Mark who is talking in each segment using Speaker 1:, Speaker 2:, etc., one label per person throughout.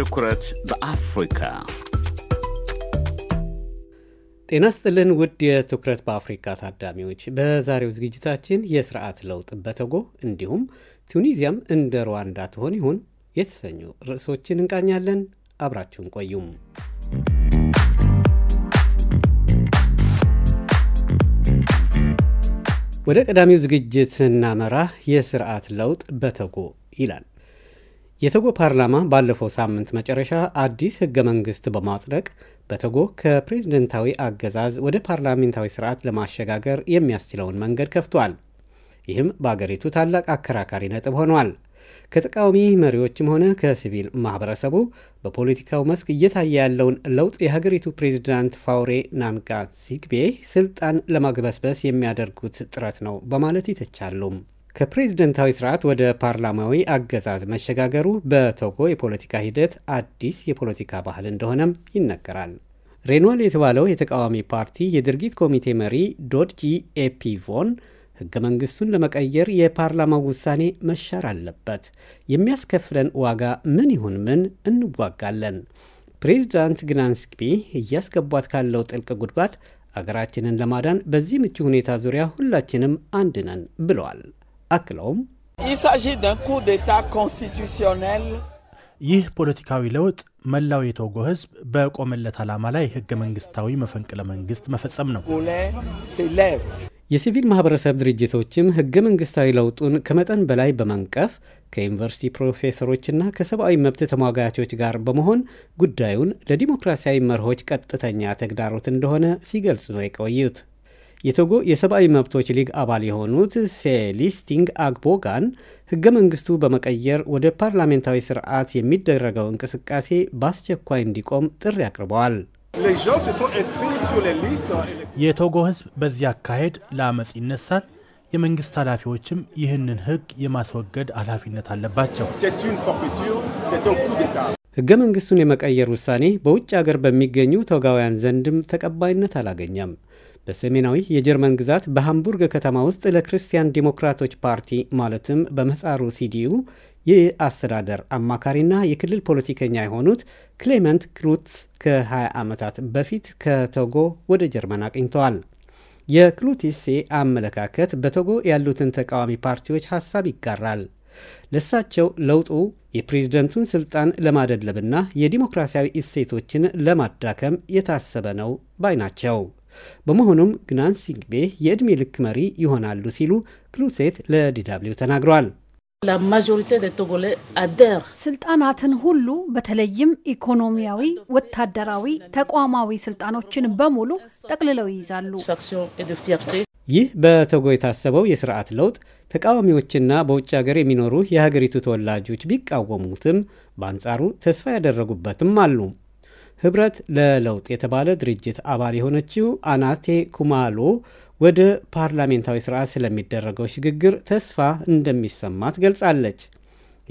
Speaker 1: ትኩረት በአፍሪካ ጤና ስጥልን ውድ የትኩረት በአፍሪካ ታዳሚዎች፣ በዛሬው ዝግጅታችን የስርዓት ለውጥ በተጎ እንዲሁም ቱኒዚያም እንደ ሩዋንዳ ትሆን ይሁን የተሰኙ ርዕሶችን እንቃኛለን። አብራችሁን ቆዩም። ወደ ቀዳሚው ዝግጅት እናመራ። የስርዓት ለውጥ በተጎ ይላል። የተጎ ፓርላማ ባለፈው ሳምንት መጨረሻ አዲስ ህገ መንግስት በማጽደቅ በተጎ ከፕሬዝደንታዊ አገዛዝ ወደ ፓርላሜንታዊ ስርዓት ለማሸጋገር የሚያስችለውን መንገድ ከፍቷል። ይህም በአገሪቱ ታላቅ አከራካሪ ነጥብ ሆኗል። ከተቃዋሚ መሪዎችም ሆነ ከሲቪል ማህበረሰቡ በፖለቲካው መስክ እየታየ ያለውን ለውጥ የሀገሪቱ ፕሬዚዳንት ፋውሬ ናንጋ ሲግቤ ስልጣን ለማግበስበስ የሚያደርጉት ጥረት ነው በማለት ይተቻሉም። ከፕሬዝደንታዊ ስርዓት ወደ ፓርላማዊ አገዛዝ መሸጋገሩ በቶጎ የፖለቲካ ሂደት አዲስ የፖለቲካ ባህል እንደሆነም ይነገራል። ሬኖል የተባለው የተቃዋሚ ፓርቲ የድርጊት ኮሚቴ መሪ ዶድጂ ኤፒቮን ህገ መንግስቱን ለመቀየር የፓርላማው ውሳኔ መሻር አለበት፣ የሚያስከፍለን ዋጋ ምን ይሁን ምን እንዋጋለን። ፕሬዚዳንት ግናንስቢ እያስገቧት ካለው ጥልቅ ጉድጓድ አገራችንን ለማዳን በዚህ ምቹ ሁኔታ ዙሪያ ሁላችንም አንድ ነን ብለዋል። አክለውም ይህ ፖለቲካዊ ለውጥ መላው የቶጎ ህዝብ በቆመለት ዓላማ ላይ ህገ መንግስታዊ መፈንቅለ መንግስት መፈጸም ነው። የሲቪል ማህበረሰብ ድርጅቶችም ህገ መንግስታዊ ለውጡን ከመጠን በላይ በመንቀፍ ከዩኒቨርሲቲ ፕሮፌሰሮችና ከሰብአዊ መብት ተሟጋቾች ጋር በመሆን ጉዳዩን ለዲሞክራሲያዊ መርሆች ቀጥተኛ ተግዳሮት እንደሆነ ሲገልጹ ነው የቆዩት። የቶጎ የሰብአዊ መብቶች ሊግ አባል የሆኑት ሴሊስቲንግ አግቦጋን ህገ መንግስቱ በመቀየር ወደ ፓርላሜንታዊ ስርዓት የሚደረገው እንቅስቃሴ በአስቸኳይ እንዲቆም ጥሪ አቅርበዋል። የቶጎ ሕዝብ በዚህ አካሄድ ለአመፅ ይነሳል። የመንግስት ኃላፊዎችም ይህንን ህግ የማስወገድ ኃላፊነት አለባቸው። ህገ መንግስቱን የመቀየር ውሳኔ በውጭ አገር በሚገኙ ቶጋውያን ዘንድም ተቀባይነት አላገኘም። በሰሜናዊ የጀርመን ግዛት በሃምቡርግ ከተማ ውስጥ ለክርስቲያን ዲሞክራቶች ፓርቲ ማለትም በመጻሩ ሲዲዩ የአስተዳደር አማካሪና የክልል ፖለቲከኛ የሆኑት ክሌመንት ክሩትስ ከ20 ዓመታት በፊት ከቶጎ ወደ ጀርመን አቅኝተዋል። የክሉቲሴ አመለካከት በቶጎ ያሉትን ተቃዋሚ ፓርቲዎች ሀሳብ ይጋራል። ለሳቸው ለውጡ የፕሬዝደንቱን ስልጣን ለማደለብና የዲሞክራሲያዊ እሴቶችን ለማዳከም የታሰበ ነው ባይ ናቸው። በመሆኑም ግናንሲንግቤ የዕድሜ ልክ መሪ ይሆናሉ ሲሉ ክሉሴት ለዲዳብሊው ተናግረዋል።
Speaker 2: ስልጣናትን ሁሉ በተለይም ኢኮኖሚያዊ፣ ወታደራዊ፣ ተቋማዊ ስልጣኖችን በሙሉ ጠቅልለው ይይዛሉ።
Speaker 1: ይህ በቶጎ የታሰበው የስርዓት ለውጥ ተቃዋሚዎችና በውጭ ሀገር የሚኖሩ የሀገሪቱ ተወላጆች ቢቃወሙትም በአንጻሩ ተስፋ ያደረጉበትም አሉ። ህብረት ለለውጥ የተባለ ድርጅት አባል የሆነችው አናቴ ኩማሎ ወደ ፓርላሜንታዊ ስርዓት ስለሚደረገው ሽግግር ተስፋ እንደሚሰማት ገልጻለች።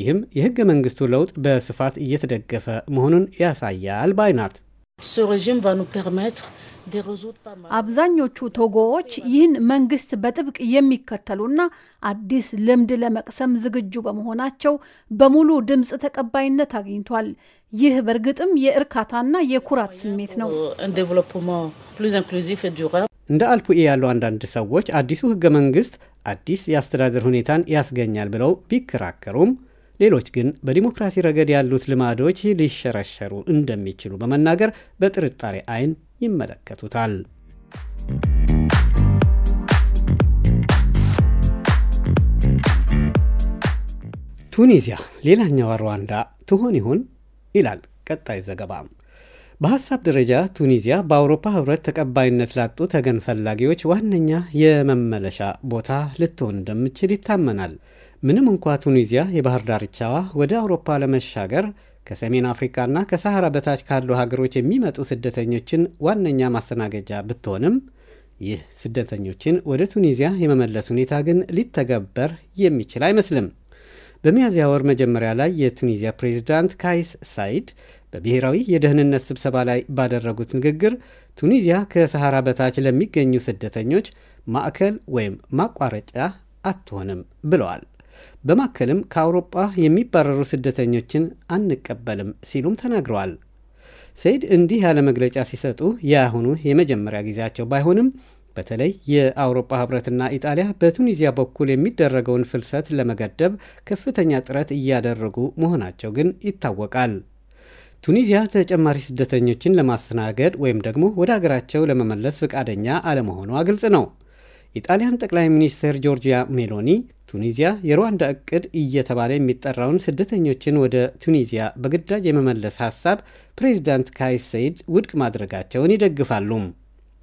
Speaker 1: ይህም የህገ መንግስቱ ለውጥ በስፋት እየተደገፈ መሆኑን ያሳያል ባይ ናት።
Speaker 2: አብዛኞቹ ቶጎዎች ይህን መንግስት በጥብቅ የሚከተሉና አዲስ ልምድ ለመቅሰም ዝግጁ በመሆናቸው በሙሉ ድምፅ ተቀባይነት አግኝቷል። ይህ በእርግጥም የእርካታና የኩራት ስሜት ነው።
Speaker 1: እንደ አልፑኤ ያሉ አንዳንድ ሰዎች አዲሱ ህገ መንግስት አዲስ የአስተዳደር ሁኔታን ያስገኛል ብለው ቢከራከሩም ሌሎች ግን በዲሞክራሲ ረገድ ያሉት ልማዶች ሊሸረሸሩ እንደሚችሉ በመናገር በጥርጣሬ አይን ይመለከቱታል። ቱኒዚያ ሌላኛዋ ሩዋንዳ ትሆን ይሆን ይላል ቀጣይ ዘገባ። በሀሳብ ደረጃ ቱኒዚያ በአውሮፓ ህብረት ተቀባይነት ላጡ ተገን ፈላጊዎች ዋነኛ የመመለሻ ቦታ ልትሆን እንደምችል ይታመናል። ምንም እንኳ ቱኒዚያ የባህር ዳርቻዋ ወደ አውሮፓ ለመሻገር ከሰሜን አፍሪካና ከሳሐራ በታች ካሉ ሀገሮች የሚመጡ ስደተኞችን ዋነኛ ማስተናገጃ ብትሆንም ይህ ስደተኞችን ወደ ቱኒዚያ የመመለስ ሁኔታ ግን ሊተገበር የሚችል አይመስልም። በሚያዝያ ወር መጀመሪያ ላይ የቱኒዚያ ፕሬዚዳንት ካይስ ሳይድ በብሔራዊ የደህንነት ስብሰባ ላይ ባደረጉት ንግግር ቱኒዚያ ከሰሐራ በታች ለሚገኙ ስደተኞች ማዕከል ወይም ማቋረጫ አትሆንም ብለዋል። በማከልም ከአውሮጳ የሚባረሩ ስደተኞችን አንቀበልም ሲሉም ተናግረዋል። ሰይድ እንዲህ ያለ መግለጫ ሲሰጡ የአሁኑ የመጀመሪያ ጊዜያቸው ባይሆንም በተለይ የአውሮፓ ህብረትና ኢጣሊያ በቱኒዚያ በኩል የሚደረገውን ፍልሰት ለመገደብ ከፍተኛ ጥረት እያደረጉ መሆናቸው ግን ይታወቃል። ቱኒዚያ ተጨማሪ ስደተኞችን ለማስተናገድ ወይም ደግሞ ወደ አገራቸው ለመመለስ ፈቃደኛ አለመሆኗ ግልጽ ነው። የጣሊያን ጠቅላይ ሚኒስትር ጆርጂያ ሜሎኒ ቱኒዚያ የሩዋንዳ እቅድ እየተባለ የሚጠራውን ስደተኞችን ወደ ቱኒዚያ በግዳጅ የመመለስ ሀሳብ ፕሬዚዳንት ካይስ ሰይድ ውድቅ ማድረጋቸውን ይደግፋሉ።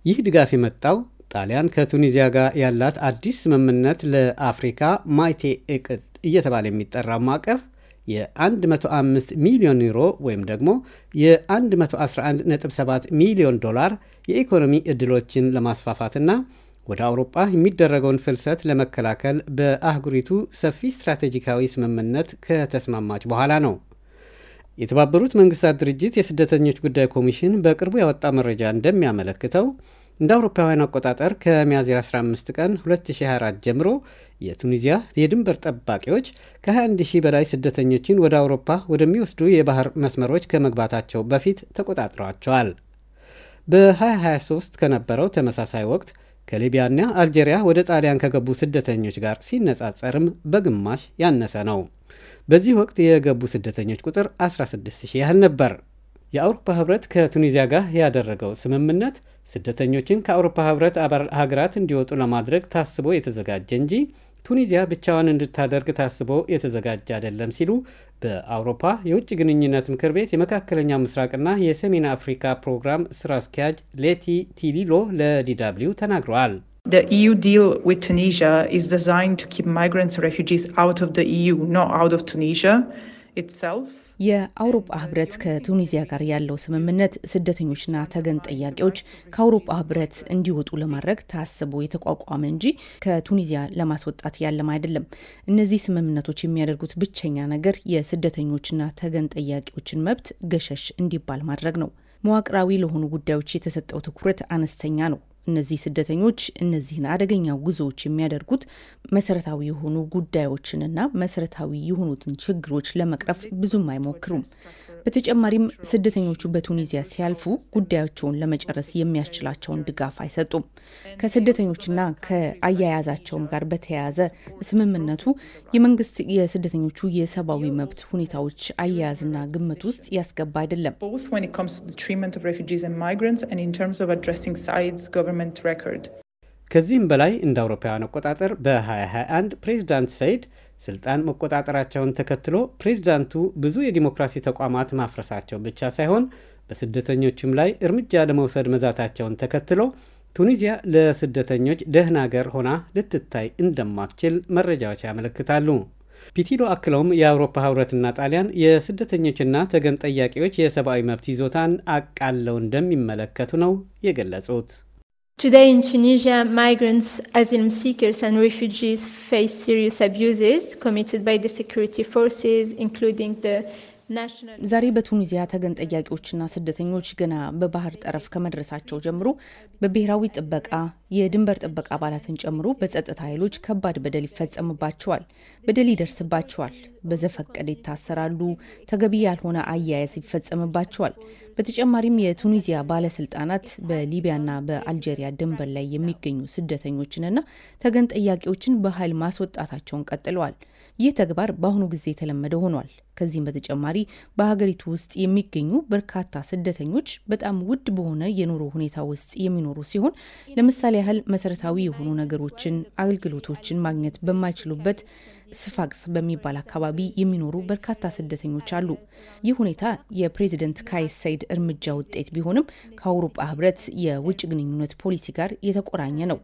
Speaker 1: ይህ ድጋፍ የመጣው ጣሊያን ከቱኒዚያ ጋር ያላት አዲስ ስምምነት ለአፍሪካ ማይቴ እቅድ እየተባለ የሚጠራው ማዕቀፍ የ105 ሚሊዮን ዩሮ ወይም ደግሞ የ111.7 ሚሊዮን ዶላር የኢኮኖሚ ዕድሎችን ለማስፋፋትና ወደ አውሮጳ የሚደረገውን ፍልሰት ለመከላከል በአህጉሪቱ ሰፊ ስትራቴጂካዊ ስምምነት ከተስማማች በኋላ ነው። የተባበሩት መንግስታት ድርጅት የስደተኞች ጉዳይ ኮሚሽን በቅርቡ ያወጣ መረጃ እንደሚያመለክተው እንደ አውሮፓውያን አቆጣጠር ከሚያዝያ 15 ቀን 2024 ጀምሮ የቱኒዚያ የድንበር ጠባቂዎች ከ21 በላይ ስደተኞችን ወደ አውሮፓ ወደሚወስዱ የባህር መስመሮች ከመግባታቸው በፊት ተቆጣጥረዋቸዋል። በ2023 ከነበረው ተመሳሳይ ወቅት ከሊቢያና አልጄሪያ ወደ ጣሊያን ከገቡ ስደተኞች ጋር ሲነጻጸርም በግማሽ ያነሰ ነው። በዚህ ወቅት የገቡ ስደተኞች ቁጥር 16 ሺህ ያህል ነበር። የአውሮፓ ህብረት ከቱኒዚያ ጋር ያደረገው ስምምነት ስደተኞችን ከአውሮፓ ህብረት አባል ሀገራት እንዲወጡ ለማድረግ ታስቦ የተዘጋጀ እንጂ ቱኒዚያ ብቻዋን እንድታደርግ ታስቦ የተዘጋጀ አይደለም ሲሉ በአውሮፓ የውጭ ግንኙነት ምክር ቤት የመካከለኛው ምስራቅና የሰሜን አፍሪካ ፕሮግራም ስራ አስኪያጅ ሌቲ ቲሊሎ ለዲደብሊው ተናግረዋል።
Speaker 2: የአውሮፓ ህብረት ከቱኒዚያ ጋር ያለው ስምምነት ስደተኞችና ተገን ጠያቂዎች ከአውሮፓ ህብረት እንዲወጡ ለማድረግ ታስቦ የተቋቋመ እንጂ ከቱኒዚያ ለማስወጣት ያለም አይደለም። እነዚህ ስምምነቶች የሚያደርጉት ብቸኛ ነገር የስደተኞችና ተገን ጠያቂዎችን መብት ገሸሽ እንዲባል ማድረግ ነው። መዋቅራዊ ለሆኑ ጉዳዮች የተሰጠው ትኩረት አነስተኛ ነው። እነዚህ ስደተኞች እነዚህን አደገኛ ጉዞዎች የሚያደርጉት መሰረታዊ የሆኑ ጉዳዮችንና መሰረታዊ የሆኑትን ችግሮች ለመቅረፍ ብዙም አይሞክሩም። በተጨማሪም ስደተኞቹ በቱኒዚያ ሲያልፉ ጉዳያቸውን ለመጨረስ የሚያስችላቸውን ድጋፍ አይሰጡም። ከስደተኞችና ከአያያዛቸውም ጋር በተያያዘ ስምምነቱ የመንግስት የስደተኞቹ የሰብአዊ መብት ሁኔታዎች አያያዝና ግምት ውስጥ ያስገባ አይደለም። government record.
Speaker 1: ከዚህም በላይ እንደ አውሮፓውያን አቆጣጠር በ2021 ፕሬዚዳንት ሰይድ ስልጣን መቆጣጠራቸውን ተከትሎ ፕሬዚዳንቱ ብዙ የዲሞክራሲ ተቋማት ማፍረሳቸው ብቻ ሳይሆን በስደተኞችም ላይ እርምጃ ለመውሰድ መዛታቸውን ተከትሎ ቱኒዚያ ለስደተኞች ደህና አገር ሆና ልትታይ እንደማትችል መረጃዎች ያመለክታሉ። ፒቲሎ አክለውም የአውሮፓ ህብረትና ጣሊያን የስደተኞችና ተገን ጠያቂዎች የሰብአዊ መብት ይዞታን አቃለው እንደሚመለከቱ ነው የገለጹት።
Speaker 2: Today in Tunisia, migrants, asylum seekers, and refugees face serious abuses committed by the security forces, including the ዛሬ በቱኒዚያ ተገን ጠያቂዎችና ስደተኞች ገና በባህር ጠረፍ ከመድረሳቸው ጀምሮ በብሔራዊ ጥበቃ የድንበር ጥበቃ አባላትን ጨምሮ በጸጥታ ኃይሎች ከባድ በደል ይፈጸምባቸዋል። በደል ይደርስባቸዋል። በዘፈቀደ ይታሰራሉ። ተገቢ ያልሆነ አያያዝ ይፈጸምባቸዋል። በተጨማሪም የቱኒዚያ ባለስልጣናት በሊቢያና በአልጄሪያ ድንበር ላይ የሚገኙ ስደተኞችንና ተገን ጠያቂዎችን በኃይል ማስወጣታቸውን ቀጥለዋል። ይህ ተግባር በአሁኑ ጊዜ የተለመደ ሆኗል። ከዚህም በተጨማሪ በሀገሪቱ ውስጥ የሚገኙ በርካታ ስደተኞች በጣም ውድ በሆነ የኑሮ ሁኔታ ውስጥ የሚኖሩ ሲሆን ለምሳሌ ያህል መሰረታዊ የሆኑ ነገሮችን፣ አገልግሎቶችን ማግኘት በማይችሉበት ስፋቅስ በሚባል አካባቢ የሚኖሩ በርካታ ስደተኞች አሉ። ይህ ሁኔታ የፕሬዚደንት ካይስ ሰይድ እርምጃ ውጤት ቢሆንም ከአውሮፓ ህብረት የውጭ ግንኙነት ፖሊሲ ጋር የተቆራኘ ነው።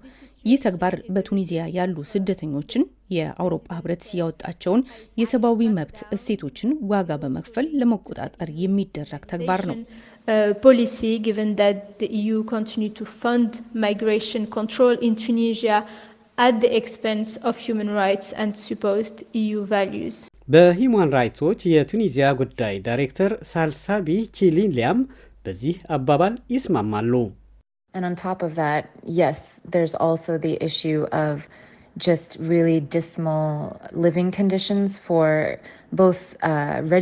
Speaker 2: ይህ ተግባር በቱኒዚያ ያሉ ስደተኞችን የአውሮፓ ህብረት ያወጣቸውን የሰብአዊ መብት እሴቶችን ዋጋ በመክፈል ለመቆጣጠር የሚደረግ ተግባር ነው።
Speaker 1: በሂማን ራይትስ ዎች የቱኒዚያ ጉዳይ ዳይሬክተር ሳልሳቢ ቺሊሊያም በዚህ አባባል ይስማማሉ።
Speaker 2: And on top of that, yes, there's also the issue of just really dismal living conditions for Uh,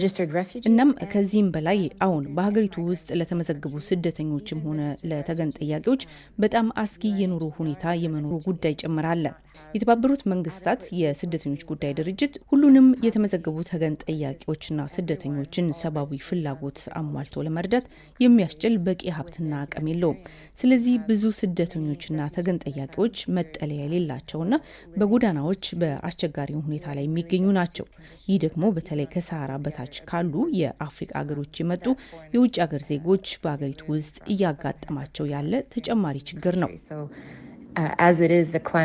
Speaker 2: እናም ከዚህም በላይ አሁን በሀገሪቱ ውስጥ ለተመዘገቡ ስደተኞችም ሆነ ለተገን ጠያቂዎች በጣም አስጊ የኑሮ ሁኔታ የመኖሩ ጉዳይ ጨምራለ። የተባበሩት መንግስታት የስደተኞች ጉዳይ ድርጅት ሁሉንም የተመዘገቡ ተገን ጠያቂዎችና ስደተኞችን ሰብአዊ ፍላጎት አሟልቶ ለመርዳት የሚያስችል በቂ ሀብትና አቅም የለውም። ስለዚህ ብዙ ስደተኞችና ተገን ጠያቂዎች መጠለያ የሌላቸውና በጎዳናዎች በአስቸጋሪ ሁኔታ ላይ የሚገኙ ናቸው። ይህ ደግሞ በተለይ ከሰሃራ በታች ካሉ የአፍሪቃ ሀገሮች የመጡ የውጭ ሀገር ዜጎች በሀገሪቱ ውስጥ እያጋጠማቸው ያለ ተጨማሪ ችግር ነው። uh, uh,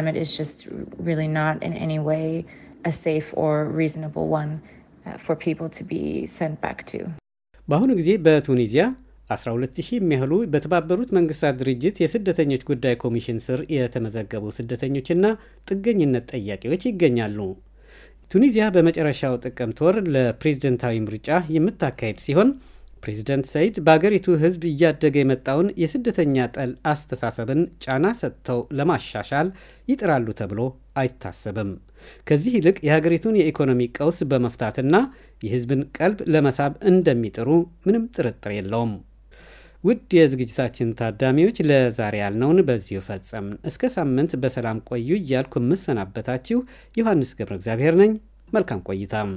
Speaker 1: በአሁኑ ጊዜ በቱኒዚያ 12000 የሚያህሉ በተባበሩት መንግስታት ድርጅት የስደተኞች ጉዳይ ኮሚሽን ስር የተመዘገቡ ስደተኞችና ጥገኝነት ጠያቂዎች ይገኛሉ። ቱኒዚያ በመጨረሻው ጥቅምት ወር ለፕሬዝደንታዊ ምርጫ የምታካሄድ ሲሆን ፕሬዚደንት ሰይድ በአገሪቱ ሕዝብ እያደገ የመጣውን የስደተኛ ጠል አስተሳሰብን ጫና ሰጥተው ለማሻሻል ይጥራሉ ተብሎ አይታሰብም። ከዚህ ይልቅ የሀገሪቱን የኢኮኖሚ ቀውስ በመፍታትና የሕዝብን ቀልብ ለመሳብ እንደሚጥሩ ምንም ጥርጥር የለውም። ውድ የዝግጅታችን ታዳሚዎች ለዛሬ ያልነውን በዚሁ ፈጸምን። እስከ ሳምንት በሰላም ቆዩ እያልኩ የምሰናበታችሁ ዮሐንስ ገብረ እግዚአብሔር ነኝ። መልካም ቆይታም